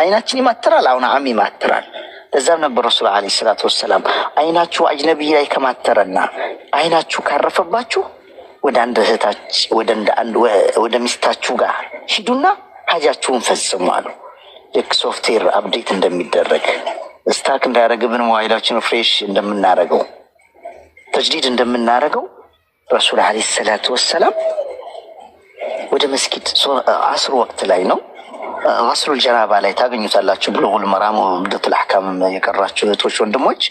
አይናችን ይማትራል። አሁን አም ይማትራል። እዛም ነበር ረሱል ዓለይሂ ሰላቱ ወሰላም አይናችሁ አጅነቢይ ላይ ከማተረና አይናችሁ ካረፈባችሁ ወደ አንድ እህታች ወደ ሚስታችሁ ጋር ሂዱና ሀጃችሁን ፈጽሙ አሉ። ልክ ሶፍትዌር አፕዴት እንደሚደረግ ስታክ እንዳያደረግብን ሞባይላችን ፍሬሽ እንደምናረገው ተጅዲድ እንደምናረገው ረሱል ዓለይሂ ሰላቱ ወሰላም ወደ መስጊድ አስር ወቅት ላይ ነው ቀስሩል ጀናባ ላይ ታገኙታላችሁ። ብሉጉል መራሙ ዑምደቱል አሕካም የቀራችሁ እህቶች ወንድሞች፣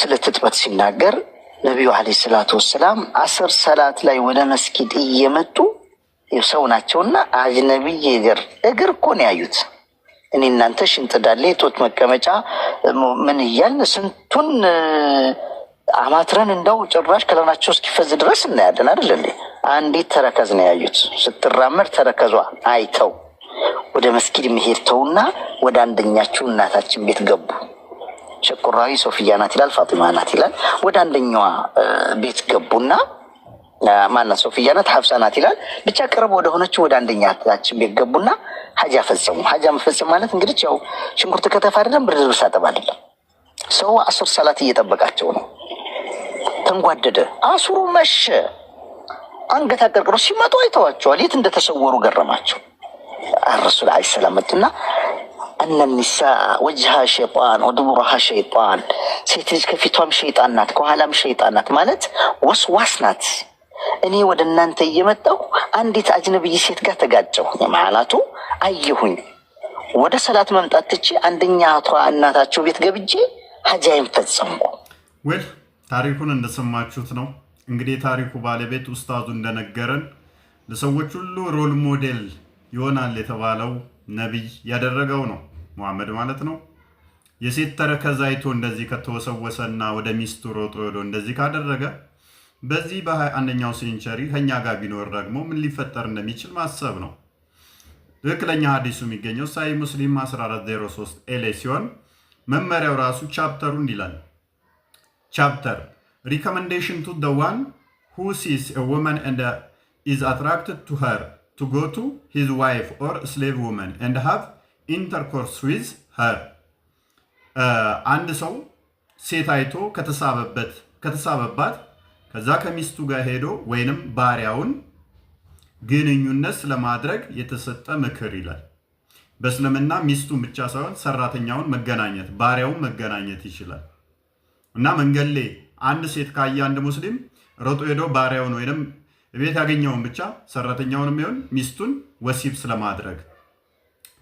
ስለ ትጥበት ሲናገር ነቢዩ ዓለይሂ ሰላቱ ወሰላም አስር ሰላት ላይ ወደ መስጊድ እየመጡ ሰው ናቸውና አጅነቢይ እግር እግር እኮ ነው ያዩት። እኔ እናንተ ሽንጥዳሌ ጦት መቀመጫ ምን እያልን ስንቱን አማትረን እንዳው ጭራሽ ከለናቸው እስኪፈዝ ድረስ እናያለን አይደል? አንዲት ተረከዝ ነው ያዩት ስትራመድ ተረከዟ አይተው ወደ መስጊድ መሄድ ተውና ወደ አንደኛችሁ እናታችን ቤት ገቡ። ሸቁራዊ ሶፍያ ናት ይላል፣ ፋጢማ ናት ይላል። ወደ አንደኛዋ ቤት ገቡና ማናት? ሶፍያ ናት፣ ሀብሳ ናት ይላል። ብቻ ቅርብ ወደ ሆነችው ወደ አንደኛታችን ቤት ገቡና ሀጃ ፈጸሙ። ሀጃ መፈጸም ማለት እንግዲህ ያው ሽንኩርት ከተፋ አይደለም፣ ብርድ ልብስ አጠብ አይደለም። ሰው አሱር ሰላት እየጠበቃቸው ነው። ተንጓደደ፣ አሱሩ መሸ። አንገት አቀርቅሮ ሲመጡ አይተዋቸዋል። የት እንደተሰወሩ ገረማቸው። ረሱል ዐለይሂ ሰላም መጡና እነ ኒሳ ወጅሃ ሸይጣን ወዱቡረሃ ሸይጣን፣ ሴት ልጅ ከፊቷም ሸይጣን ናት፣ ከኋላም ሸይጣን ናት፣ ማለት ወስዋስ ናት። እኔ ወደ እናንተ እየመጣሁ አንዲት አጅነብይ ሴት ጋር ተጋጨሁ። የመዓላቱ አየሁኝ ወደ ሰላት መምጣት ትቼ አንደኛ አቷ እናታቸው ቤት ገብቼ ሀጃይም ፈጸምኩ። ውል ታሪኩን እንደሰማችሁት ነው። እንግዲህ የታሪኩ ባለቤት ኡስታዙ እንደነገረን ለሰዎች ሁሉ ሮል ሞዴል ይሆናል የተባለው ነቢይ ያደረገው ነው፣ መሐመድ ማለት ነው። የሴት ተረከዝ አይቶ እንደዚህ ከተወሰወሰና ወደ ሚስቱ ሮጦ ሄዶ እንደዚህ ካደረገ በዚህ በሃያ አንደኛው ሴንቸሪ ከኛ ጋር ቢኖር ደግሞ ምን ሊፈጠር እንደሚችል ማሰብ ነው። ትክክለኛ ሀዲሱ የሚገኘው ሳይ ሙስሊም 1403 ኤሌ ሲሆን መመሪያው ራሱ ቻፕተሩ እንዲላል ቻፕተር ሪኮመንዴሽን ቱ ደ ዋን ሁ ሲስ ወመን ኢዝ አትራክትድ ቱ ሄር ቱ ጎ ቱ ሂዝ ዋይፍ ኦር ስሌቭ ውመን ኤንድ ሃቭ ኢንተርኮርስ ዊዝ ሀር። አንድ ሰው ሴት አይቶ ከተሳበባት ከዛ ከሚስቱ ጋር ሄዶ ወይንም ባሪያውን ግንኙነት ለማድረግ የተሰጠ ምክር ይላል። በእስልምና ሚስቱን ብቻ ሳይሆን ሰራተኛውን መገናኘት፣ ባሪያውን መገናኘት ይችላል እና መንገድ ላይ አንድ ሴት ካየ አንድ ሙስሊም ሮጦ ሄዶ ባሪያውን ወይንም ቤት ያገኘውን ብቻ ሰራተኛውንም ይሁን ሚስቱን ወሲብ ስለማድረግ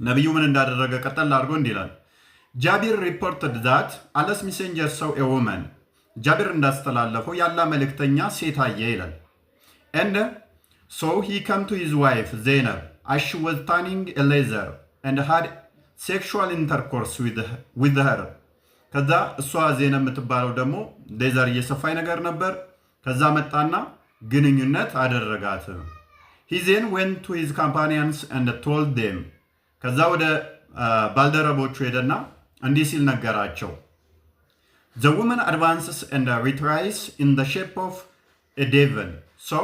ነቢዩ ምን እንዳደረገ ቀጠል አድርጎ እንዲህ ይላል። ጃቢር ሪፖርትድ ዳት አለስ ሚሴንጀር ሰው ኤወመን ጃቢር እንዳስተላለፈው ያላ መልእክተኛ ሴት አየ ይላል። እንደ ሰው ሂ ከም ቱ ሂዝ ዋይፍ ዜነብ አሽ ወዝ ታኒንግ ኤሌዘር እንድ ሃድ ሴክሹዋል ኢንተርኮርስ ዊዝ ከዛ እሷ ዜነብ የምትባለው ደግሞ ሌዘር እየሰፋኝ ነገር ነበር። ከዛ መጣና ግንኙነት አደረጋት። ሂዜን ዌንት ቱ ሂዝ ካምፓኒያንስ ኤንድ ቶልድ ዴም ከዛ ወደ ባልደረቦቹ ሄደና እንዲህ ሲል ነገራቸው። ዘ ውመን አድቫንስስ ኤንድ ሪትራይስ ኢን ዘ ሼፕ ኦፍ ኤ ዴቨን ሶ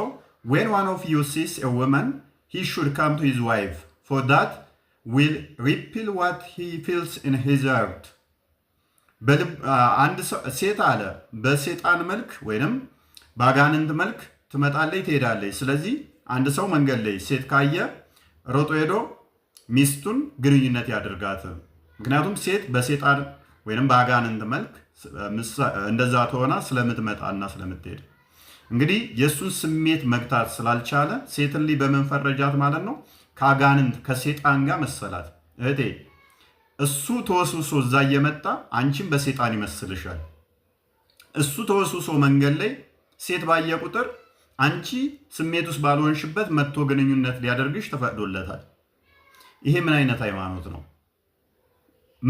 ዌን ዋን ኦፍ ዩ ሲስ ኤ ውመን ሂ ሹድ ካም ቱ ሂዝ ዋይፍ ፎር ዳት ዊል ሪፒል ዋት ሂ ፊልስ ኢን ሂዝ ሃርት። አንድ ሴት አለ በሴጣን መልክ ወይንም በአጋንንት መልክ ትመጣለች፣ ትሄዳለች። ስለዚህ አንድ ሰው መንገድ ላይ ሴት ካየ ሮጦ ሄዶ ሚስቱን ግንኙነት ያደርጋት። ምክንያቱም ሴት በሴጣን ወይም በአጋንንት መልክ እንደዛ ተሆና ስለምትመጣና ስለምትሄድ እንግዲህ የእሱን ስሜት መግታት ስላልቻለ ሴትን ላይ በመንፈረጃት ማለት ነው? ከአጋንንት ከሴጣን ጋር መሰላት። እህቴ እሱ ተወስውሶ እዛ እየመጣ አንቺም በሴጣን ይመስልሻል። እሱ ተወስውሶ መንገድ ላይ ሴት ባየ ቁጥር አንቺ ስሜት ውስጥ ባልሆንሽበት መጥቶ ግንኙነት ሊያደርግሽ ተፈቅዶለታል። ይሄ ምን አይነት ሃይማኖት ነው?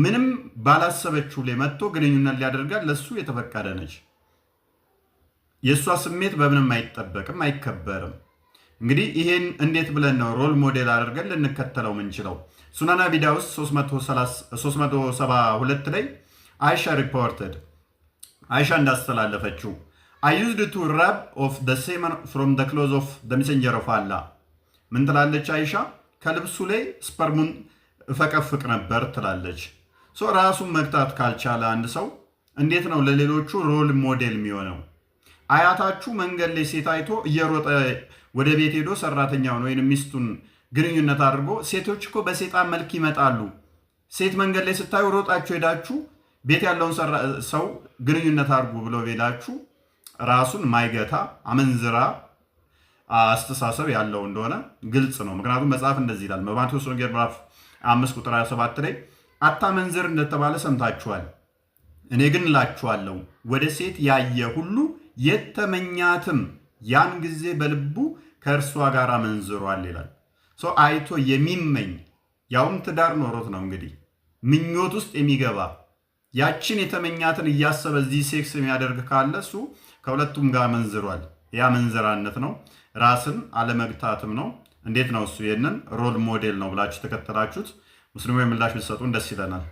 ምንም ባላሰበችው ላይ መጥቶ ግንኙነት ሊያደርጋል ለሱ የተፈቀደ ነች። የእሷ ስሜት በምንም አይጠበቅም፣ አይከበርም። እንግዲህ ይሄን እንዴት ብለን ነው ሮል ሞዴል አድርገን ልንከተለው ምንችለው? ሱናና ቢዳ ውስጥ 372 ላይ አይሻ ሪፖርትድ አይሻ እንዳስተላለፈችው I used to rub off the semen from the clothes of the messenger of አላ። ምን ትላለች አይሻ? ከልብሱ ላይ ስፐርሙን እፈቀፍቅ ነበር ትላለች። ራሱን መግታት ካልቻለ አንድ ሰው እንዴት ነው ለሌሎቹ ሮል ሞዴል የሚሆነው? አያታችሁ መንገድ ላይ ሴት አይቶ እየሮጠ ወደ ቤት ሄዶ ሰራተኛውን ወይም ሚስቱን ግንኙነት አድርጎ ሴቶች እኮ በሴጣን መልክ ይመጣሉ። ሴት መንገድ ላይ ስታዩ ሮጣችሁ ሄዳችሁ ቤት ያለውን ሰው ግንኙነት አድርጉ ብሎ ቤላችሁ? ራሱን ማይገታ አመንዝራ አስተሳሰብ ያለው እንደሆነ ግልጽ ነው። ምክንያቱም መጽሐፍ እንደዚህ ይላል በማቴዎስ ወንጌል ምዕራፍ አምስት ቁጥር 27 ላይ አታመንዝር እንደተባለ ሰምታችኋል፣ እኔ ግን እላችኋለሁ ወደ ሴት ያየ ሁሉ የተመኛትም ያን ጊዜ በልቡ ከእርሷ ጋር አመንዝሯል ይላል። ሰው አይቶ የሚመኝ ያውም ትዳር ኖሮት ነው እንግዲህ ምኞት ውስጥ የሚገባ ያችን የተመኛትን እያሰበ እዚህ ሴክስ የሚያደርግ ካለ እሱ ከሁለቱም ጋር መንዝሯል። ያ መንዘራነት ነው፣ ራስን አለመግታትም ነው። እንዴት ነው እሱ? ይህንን ሮል ሞዴል ነው ብላችሁ ተከተላችሁት። ሙስሊሙ የምላሽ ብትሰጡን ደስ ይለናል።